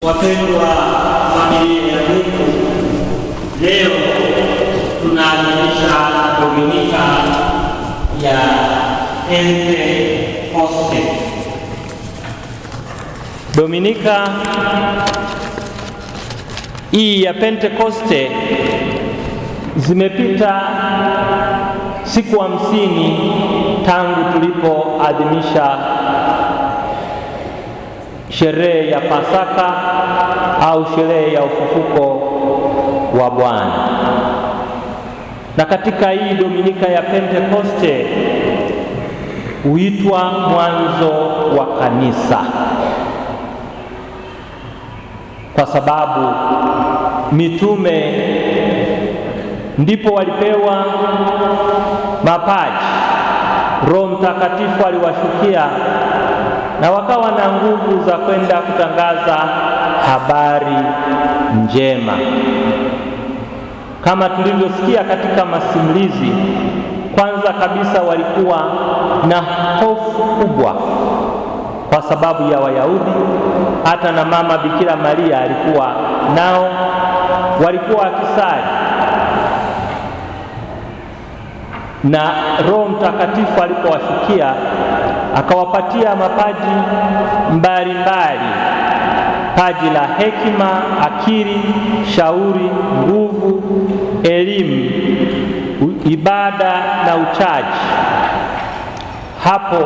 Wapendwa familia ya Mungu, leo tunaadhimisha Dominika ya Pentekoste. Dominika hii ya Pentekoste zimepita siku hamsini tangu tulipoadhimisha sherehe ya Pasaka au sherehe ya ufufuko wa Bwana. Na katika hii Dominika ya Pentekoste huitwa mwanzo wa kanisa, kwa sababu mitume ndipo walipewa mapaji, Roho Mtakatifu aliwashukia na wakawa na nguvu za kwenda kutangaza habari njema, kama tulivyosikia katika masimulizi. Kwanza kabisa walikuwa na hofu kubwa kwa sababu ya Wayahudi. Hata na mama Bikira Maria alikuwa nao, walikuwa akisali na Roho Mtakatifu alipowashukia akawapatia mapaji mbalimbali, paji la hekima, akili, shauri, nguvu, elimu, ibada na uchaji. Hapo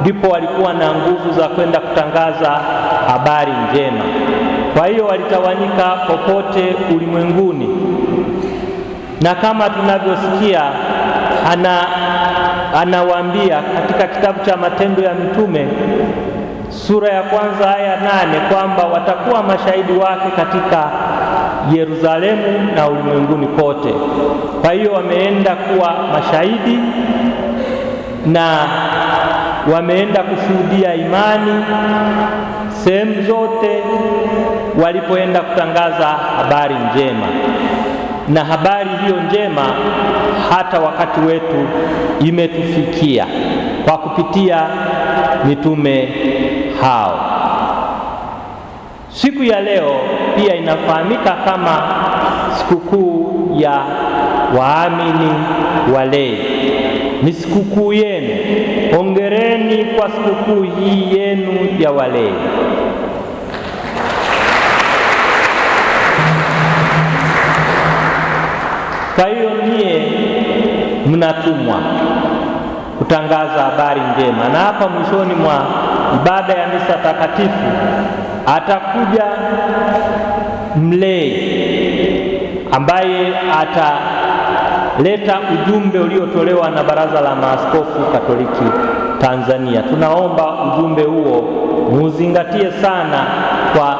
ndipo walikuwa na nguvu za kwenda kutangaza habari njema. Kwa hiyo walitawanyika popote ulimwenguni, na kama tunavyosikia ana anawaambia katika kitabu cha Matendo ya Mitume sura ya kwanza aya nane kwamba watakuwa mashahidi wake katika Yerusalemu na ulimwenguni kote. Kwa hiyo wameenda kuwa mashahidi na wameenda kushuhudia imani sehemu zote walipoenda kutangaza habari njema na habari hiyo njema hata wakati wetu imetufikia kwa kupitia mitume hao. Siku ya leo pia inafahamika kama sikukuu ya waamini walei. Ni sikukuu yenu, hongereni kwa sikukuu hii yenu ya walei. Kwa hiyo nyie mnatumwa kutangaza habari njema, na hapa mwishoni mwa ibada ya misa takatifu atakuja mlei ambaye ataleta ujumbe uliotolewa na Baraza la Maaskofu Katoliki Tanzania. Tunaomba ujumbe huo muzingatie sana kwa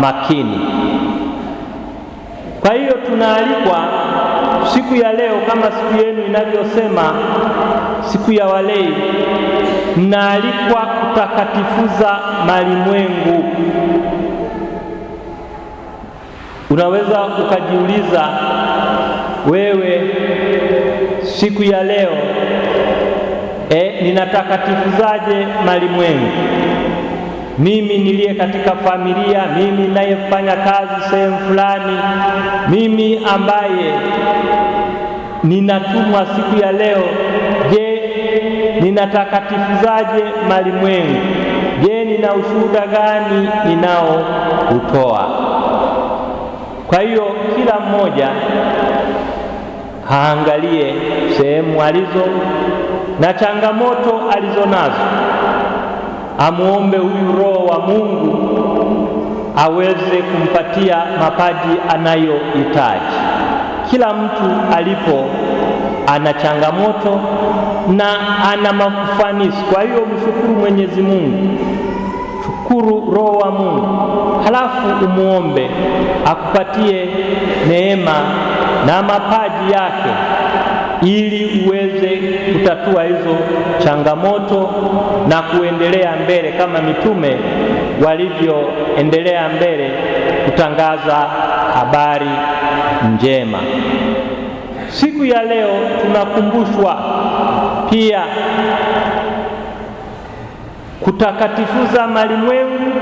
makini. Kwa hiyo tunaalikwa siku ya leo kama siku yenu inavyosema, siku ya walei, mnaalikwa kutakatifuza malimwengu. Unaweza ukajiuliza wewe, siku ya leo eh, ninatakatifuzaje malimwengu? mimi niliye katika familia, mimi ninayefanya kazi sehemu fulani, mimi ambaye ninatumwa siku ya leo. Je, ninatakatifuzaje malimwengu? Je, nina ushuhuda gani ninao utoa? Kwa hiyo kila mmoja haangalie sehemu alizo na changamoto alizonazo amwombe huyu Roho wa Mungu aweze kumpatia mapaji anayohitaji. Kila mtu alipo ana changamoto na ana mafanisi. Kwa hiyo mshukuru Mwenyezi Mungu, shukuru Roho wa Mungu, halafu umwombe akupatie neema na mapaji yake ili uweze kutatua hizo changamoto na kuendelea mbele kama mitume walivyoendelea mbele kutangaza habari njema. Siku ya leo tunakumbushwa pia kutakatifuza malimwengu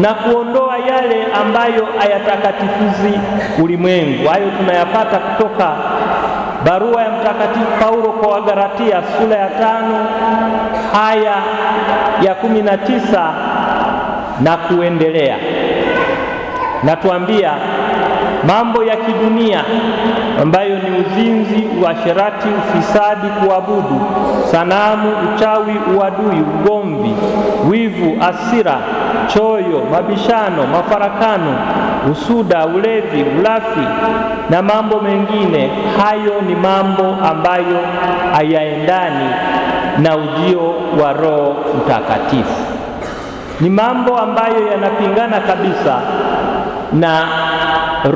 na kuondoa yale ambayo hayatakatifuzi ulimwengu. Hayo tunayapata kutoka Barua ya Mtakatifu Paulo kwa Wagalatia sura ya tano haya ya kumi na tisa na kuendelea, natuambia mambo ya kidunia ambayo ni uzinzi, uasherati, ufisadi, kuabudu sanamu, uchawi, uadui, ugomvi, wivu, asira, choyo, mabishano, mafarakano usuda, ulevi, ulafi na mambo mengine. Hayo ni mambo ambayo hayaendani na ujio wa Roho Mtakatifu, ni mambo ambayo yanapingana kabisa na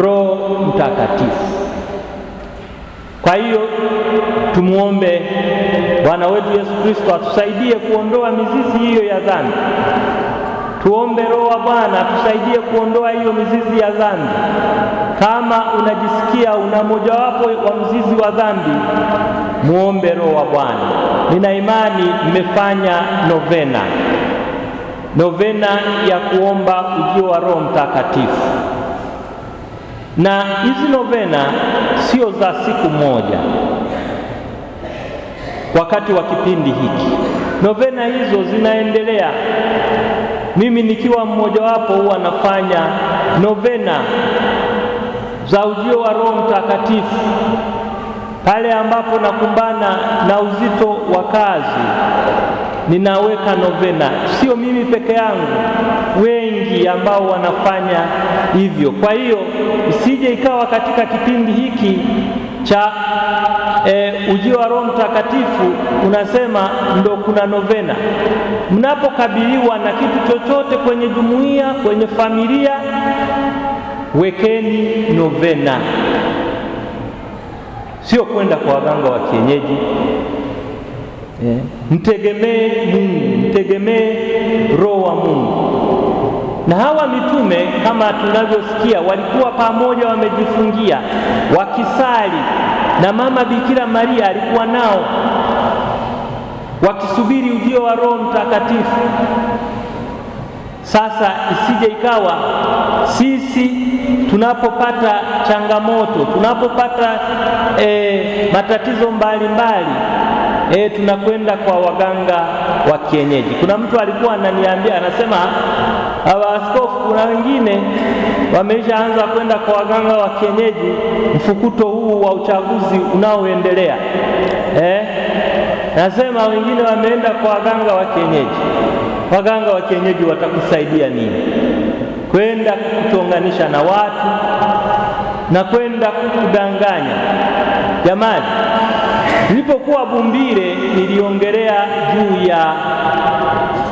Roho Mtakatifu. Kwa hiyo tumuombe Bwana wetu Yesu Kristo atusaidie kuondoa mizizi hiyo ya dhambi Tuombe Roho wa Bwana tusaidie kuondoa hiyo mizizi ya dhambi. Kama unajisikia una mojawapo wa mzizi wa dhambi, muombe Roho wa Bwana. Nina imani mmefanya novena, novena ya kuomba ujio wa Roho Mtakatifu, na hizi novena sio za siku moja wakati wa kipindi hiki Novena hizo zinaendelea. Mimi nikiwa mmojawapo huwa nafanya novena za ujio wa Roho Mtakatifu pale ambapo nakumbana na uzito wa kazi ninaweka novena. Sio mimi peke yangu, wengi ambao wanafanya hivyo. Kwa hiyo isije ikawa katika kipindi hiki cha e, ujio wa Roho Mtakatifu unasema ndo kuna novena. Mnapokabiliwa na kitu chochote kwenye jumuiya, kwenye familia, wekeni novena, sio kwenda kwa waganga wa kienyeji. Yeah. Mtegemee Mungu, mtegemee Roho wa Mungu. Na hawa mitume kama tunavyosikia walikuwa pamoja, wamejifungia wakisali na mama Bikira Maria alikuwa nao wakisubiri ujio wa Roho Mtakatifu. Sasa isije ikawa sisi tunapopata changamoto, tunapopata e, matatizo mbalimbali mbali, e, tunakwenda kwa waganga wa kienyeji. Kuna mtu alikuwa ananiambia anasema hawa askofu, kuna wengine wameshaanza kwenda kwa waganga wa kienyeji, mfukuto huu wa uchaguzi unaoendelea eh? Nasema wengine wameenda kwa waganga wa kienyeji. Waganga wa kienyeji watakusaidia nini? Kwenda kutonganisha na watu na kwenda kukudanganya. Jamani, nilipokuwa Bumbire niliongelea juu ya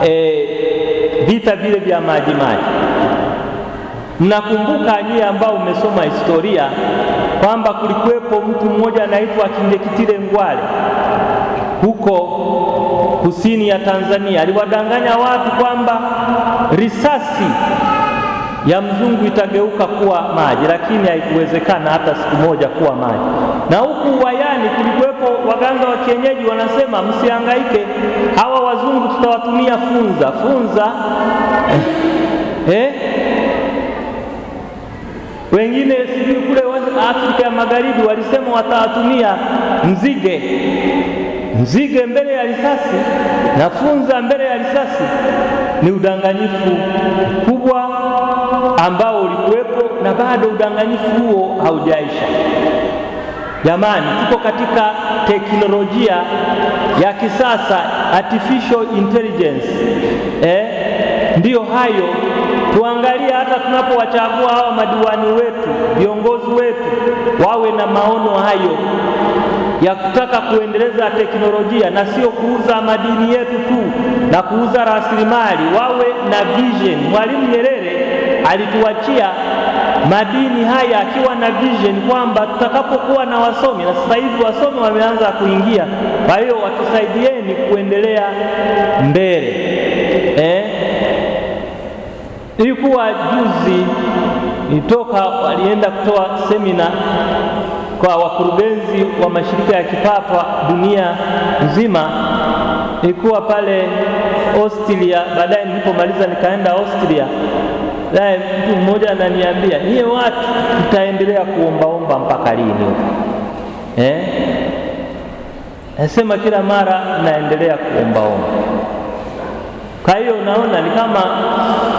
eh, vita vile vya Majimaji. Mnakumbuka nyie ambao umesoma historia kwamba kulikuwepo mtu mmoja anaitwa Kindekitile Ngwale huko kusini ya Tanzania. Aliwadanganya watu kwamba risasi ya mzungu itageuka kuwa maji, lakini haikuwezekana hata siku moja kuwa maji. Na huku Wayani kulikuwepo waganga wa kienyeji wanasema, msihangaike hawa Mungu tutawatumia funza funza eh? eh? Wengine sijui kule Afrika ya Magharibi walisema watawatumia mzige, mzige mbele ya risasi na funza mbele ya risasi. Ni udanganyifu mkubwa ambao ulikuwepo na bado udanganyifu huo haujaisha. Jamani, tuko katika teknolojia ya kisasa artificial intelligence eh, ndiyo hayo. Tuangalie hata tunapowachagua hawa madiwani wetu, viongozi wetu, wawe na maono hayo ya kutaka kuendeleza teknolojia na sio kuuza madini yetu tu na kuuza rasilimali, wawe na vision. Mwalimu Nyerere alituachia madini haya akiwa na vision kwamba tutakapokuwa na wasomi, na sasa hivi wasomi wameanza kuingia, kwa hiyo watusaidieni kuendelea mbele eh? Ilikuwa juzi nitoka, walienda kutoa semina kwa wakurugenzi wa mashirika ya kipapa dunia nzima. Ilikuwa pale Austria, baadaye nilipomaliza nikaenda Austria naye mtu mmoja ananiambia, niye watu tutaendelea kuombaomba mpaka lini? Eh, nasema kila mara naendelea kuombaomba. Kwa hiyo naona ni kama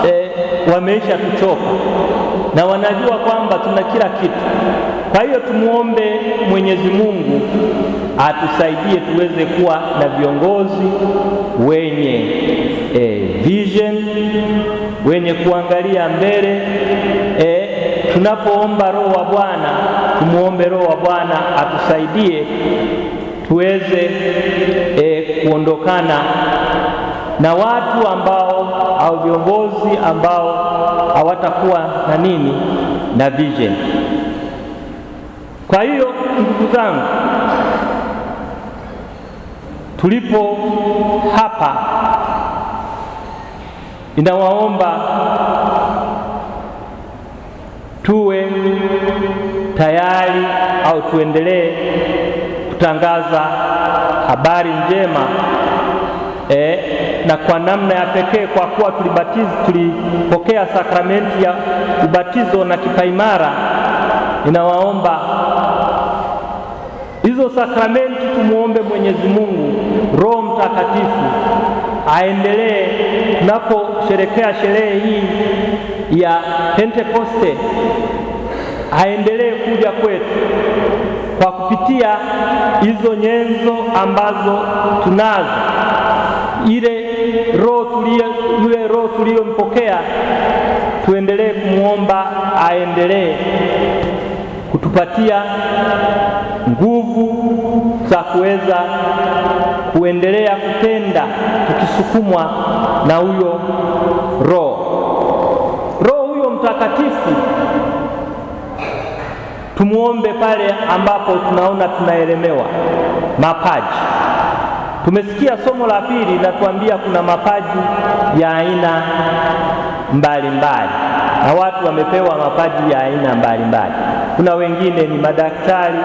eh, wameisha kuchoka na wanajua kwamba tuna kila kitu. Kwa hiyo tumuombe Mwenyezi Mungu atusaidie tuweze kuwa na viongozi wenye eh, wenye kuangalia mbele e, tunapoomba roho wa Bwana tumuombe roho wa Bwana atusaidie tuweze e, kuondokana na watu ambao au viongozi ambao hawatakuwa na nini na vision. Kwa hiyo ndugu zangu, tulipo hapa Ninawaomba tuwe tayari au tuendelee kutangaza habari njema e, na kwa namna ya pekee kwa kuwa tulibatiz, tulipokea sakramenti ya ubatizo na kipaimara. Ninawaomba hizo sakramenti, tumuombe Mwenyezi Mungu Roho Mtakatifu aendelee tunaposherekea sherehe hii ya Pentekoste, aendelee kuja kwetu kwa kupitia hizo nyenzo ambazo tunazo, ile roho tulio yule roho tuliyompokea, tuendelee kumwomba aendelee kutupatia nguvu za kuweza kuendelea kutenda tukisukumwa na huyo Roho. Roho huyo Mtakatifu tumuombe pale ambapo tunaona tunaelemewa. Mapaji, tumesikia somo la pili natuambia kuna mapaji ya aina mbalimbali na watu wamepewa mapaji ya aina mbalimbali. Kuna wengine ni madaktari,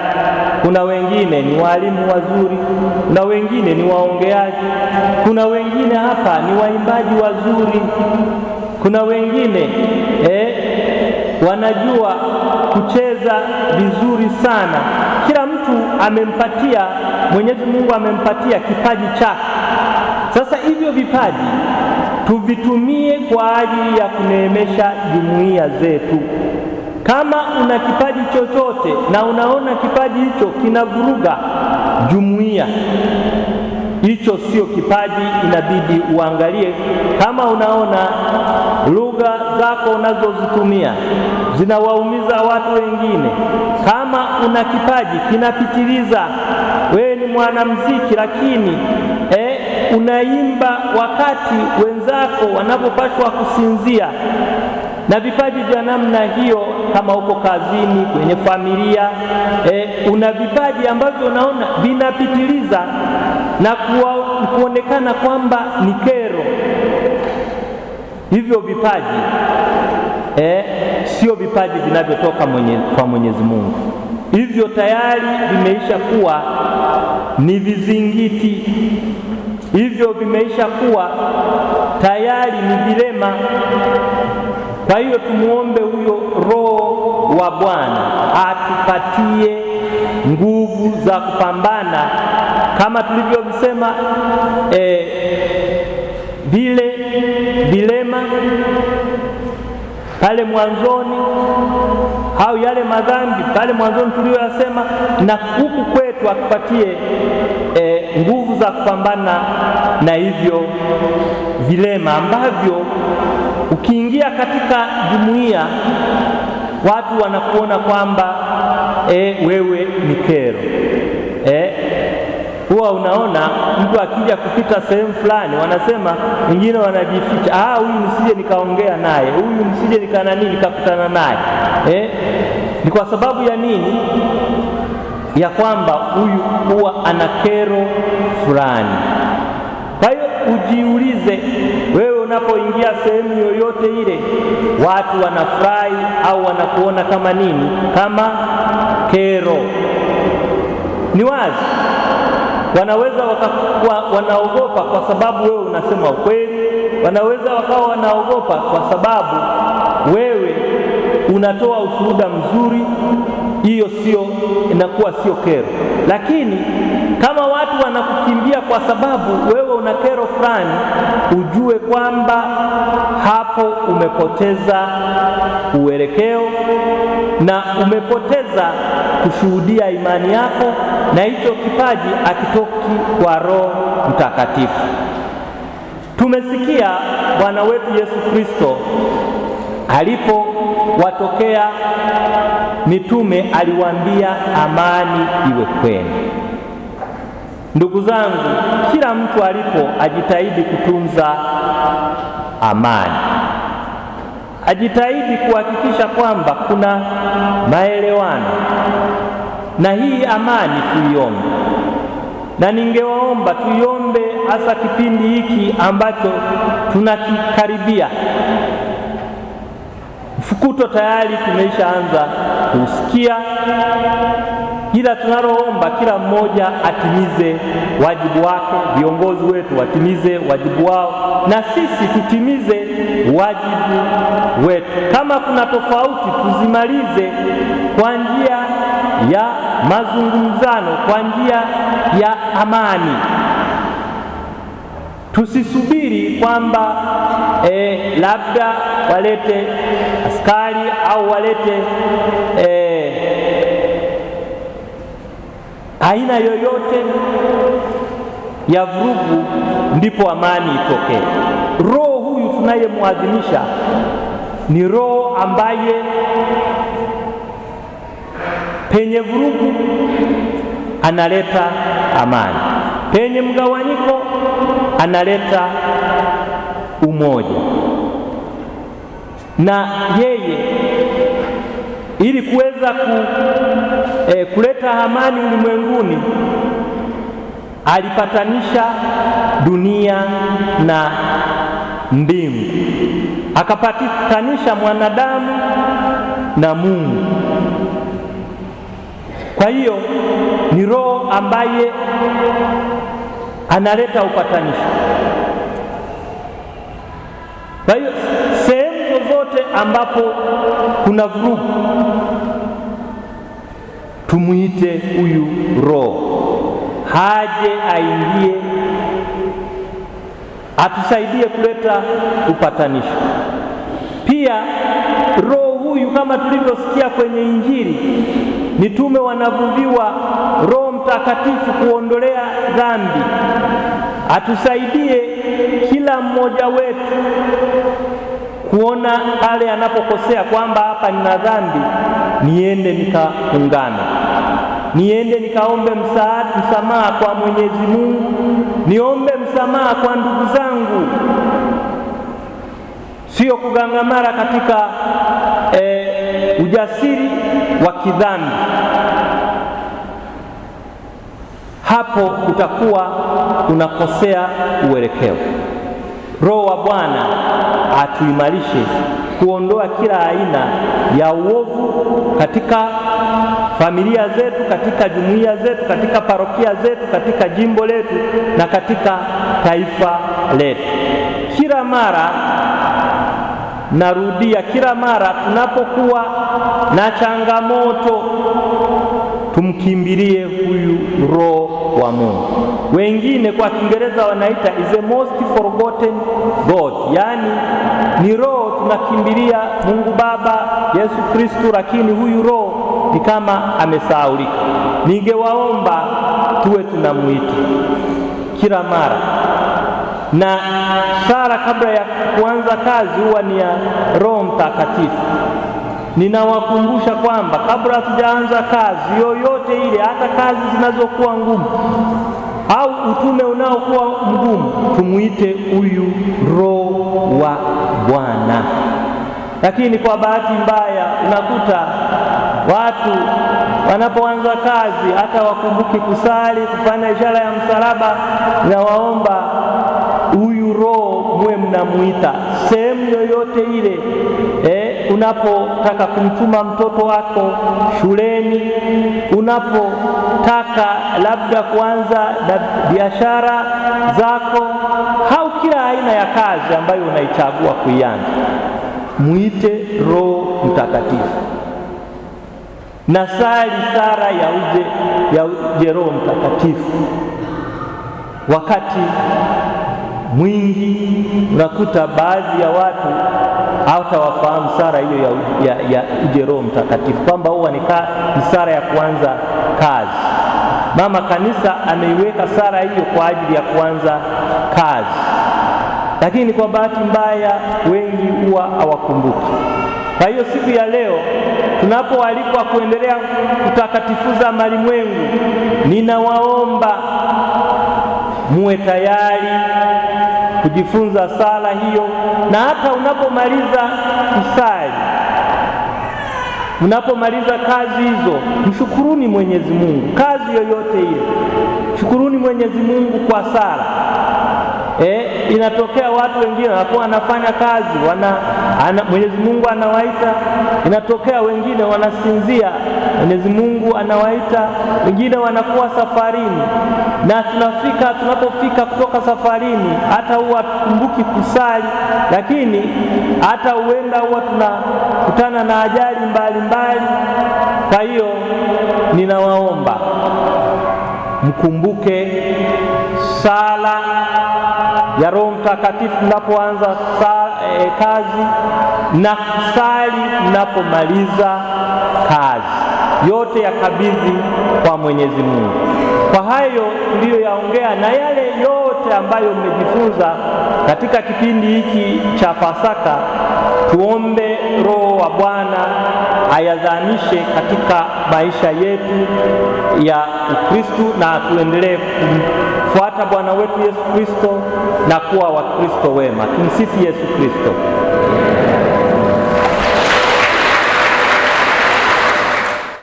kuna wengine ni walimu wazuri, kuna wengine ni waongeaji, kuna wengine hapa ni waimbaji wazuri, kuna wengine eh, wanajua kucheza vizuri sana. Kila mtu amempatia, Mwenyezi Mungu amempatia kipaji chake. Sasa hivyo vipaji tuvitumie kwa ajili ya kuneemesha jumuiya zetu. Kama una kipaji chochote na unaona kipaji hicho kinavuruga jumuiya, hicho sio kipaji. Inabidi uangalie kama unaona lugha zako unazozitumia zinawaumiza watu wengine, kama una kipaji kinapitiliza, wewe ni mwanamuziki lakini unaimba wakati wenzako wanapopaswa kusinzia, na vipaji vya namna hiyo, kama uko kazini, kwenye familia e, una vipaji ambavyo unaona vinapitiliza na kuwa, kuonekana kwamba ni kero. Hivyo vipaji e, sio vipaji vinavyotoka mwenye, kwa Mwenyezi Mungu, hivyo tayari vimeisha kuwa ni vizingiti hivyo vimeisha kuwa tayari ni vilema. Kwa hiyo tumuombe huyo Roho wa Bwana atupatie nguvu za kupambana kama tulivyovisema, eh, vile vilema pale mwanzoni au yale madhambi pale mwanzoni tuliyoyasema, na huku kwetu akupatie e, nguvu za kupambana na hivyo vilema ambavyo ukiingia katika jumuiya watu wanakuona kwamba e, wewe ni kero. Huwa unaona mtu akija kupita sehemu fulani, wanasema wengine wanajificha, ah, huyu msije nikaongea naye, huyu msije nikanani nikakutana naye eh? Ni kwa sababu ya nini? Ya kwamba huyu huwa ana kero fulani. Kwa hiyo ujiulize wewe, unapoingia sehemu yoyote ile, watu wanafurahi au wanakuona kama nini? Kama kero. Ni wazi Wanaweza wakakuwa wanaogopa kwa sababu wewe unasema ukweli, wanaweza wakawa wanaogopa kwa sababu wewe unatoa ushuhuda mzuri. Hiyo sio inakuwa sio kero, lakini kama watu wanakukimbia kwa sababu wewe una kero fulani, ujue kwamba hapo umepoteza uelekeo na umepoteza kushuhudia imani yako na hicho kipaji akitoki kwa Roho Mtakatifu. Tumesikia Bwana wetu Yesu Kristo alipowatokea mitume aliwaambia, amani iwe kwenu. Ndugu zangu, kila mtu alipo ajitahidi kutunza amani ajitahidi kuhakikisha kwamba kuna maelewano na hii amani tuiombe, na ningewaomba tuiombe hasa kipindi hiki ambacho tunakikaribia. Mfukuto tayari tumeishaanza kusikia Ila tunaloomba kila mmoja atimize wajibu wake, viongozi wetu watimize wajibu wao, na sisi tutimize wajibu wetu. Kama kuna tofauti, tuzimalize kwa njia ya mazungumzano, kwa njia ya amani. Tusisubiri kwamba e, labda walete askari au walete e, aina yoyote ya vurugu, ndipo amani itokee. Roho huyu tunayemwadhimisha ni roho ambaye penye vurugu analeta amani, penye mgawanyiko analeta umoja na yeye ili kuwe kuweza ku, eh, kuleta amani ulimwenguni alipatanisha dunia na mbingu, akapatanisha mwanadamu na Mungu. Kwa hiyo ni Roho ambaye analeta upatanisho. Kwa hiyo sehemu zozote ambapo kuna vurugu Tumwite huyu Roho haje aingie, atusaidie kuleta upatanisho. Pia Roho huyu kama tulivyosikia kwenye Injili, mitume wanavuviwa Roho Mtakatifu kuondolea dhambi. Atusaidie kila mmoja wetu kuona pale anapokosea kwamba hapa nina dhambi, niende nikaungana, niende nikaombe msaada, msamaha kwa Mwenyezi Mungu, niombe msamaha kwa ndugu zangu, sio kugangamara katika e, ujasiri wa kidhambi. Hapo utakuwa unakosea uelekeo. Roho wa Bwana atuimarishe kuondoa kila aina ya uovu katika familia zetu, katika jumuiya zetu, katika parokia zetu, katika jimbo letu na katika taifa letu. Kila mara narudia, kila mara tunapokuwa na changamoto tumkimbilie huyu Roho wa Mungu. Wengine kwa Kiingereza wanaita is the most forgotten God, yaani ni roho tunakimbilia Mungu Baba, Yesu Kristu, lakini huyu roho ni kama amesahaulika. Ningewaomba tuwe tunamwita kila mara na sala kabla ya kuanza kazi huwa ni ya Roho Mtakatifu. Ninawakumbusha kwamba kabla hatujaanza kazi yoyote ile, hata kazi zinazokuwa ngumu au utume unaokuwa mgumu, tumwite huyu Roho wa Bwana. Lakini kwa bahati mbaya unakuta watu wanapoanza kazi hata wakumbuki kusali, kufanya ishara ya msalaba. Na waomba huyu Roho muwe mnamwita sehemu yoyote ile eh? unapotaka kumtuma mtoto wako shuleni, unapotaka labda kuanza biashara zako au kila aina ya kazi ambayo unaichagua kuianza, mwite Roho Mtakatifu na sali sara ya uje, ya uje Roho Mtakatifu wakati mwingi, unakuta baadhi ya watu wafahamu sara hiyo ya, ya, ya uje Roho Mtakatifu, kwamba huwa ni sara ya kuanza kazi. Mama Kanisa ameiweka sara hiyo kwa ajili ya kuanza kazi, lakini kwa bahati mbaya wengi huwa hawakumbuki. Kwa hiyo siku ya leo tunapoalikwa kuendelea kutakatifuza mwengu ninawaomba muwe tayari kujifunza sala hiyo, na hata unapomaliza kusali, unapomaliza kazi hizo, mshukuruni Mwenyezi Mungu. Kazi yoyote ile, shukuruni Mwenyezi Mungu kwa sala. Eh, inatokea watu wengine wanapo wanafanya kazi wana ana, Mwenyezi Mungu anawaita. Inatokea wengine wanasinzia, Mwenyezi Mungu anawaita, wengine wanakuwa safarini, na tunafika tunapofika kutoka safarini, hata huwa tukumbuki kusali, lakini hata huenda huwa tunakutana na ajali mbalimbali. Kwa hiyo ninawaomba mkumbuke sala ya Roho Mtakatifu mnapoanza e, kazi na kusali mnapomaliza kazi, yote yakabidhi kwa Mwenyezi Mungu. Kwa hayo tuliyoyaongea na yale yote ambayo mmejifunza katika kipindi hiki cha Pasaka, tuombe Roho wa Bwana ayadhanishe katika maisha yetu ya Ukristu na tuendelee kumfuata Bwana wetu Yesu Kristo na kuwa Wakristo wema. Tumsifu Yesu Kristo.